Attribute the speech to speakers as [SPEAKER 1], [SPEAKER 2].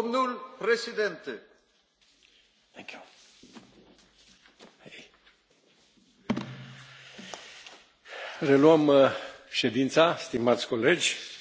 [SPEAKER 1] Domnul președinte. Thank you.
[SPEAKER 2] Hey. Reluăm uh, ședința, stimați colegi.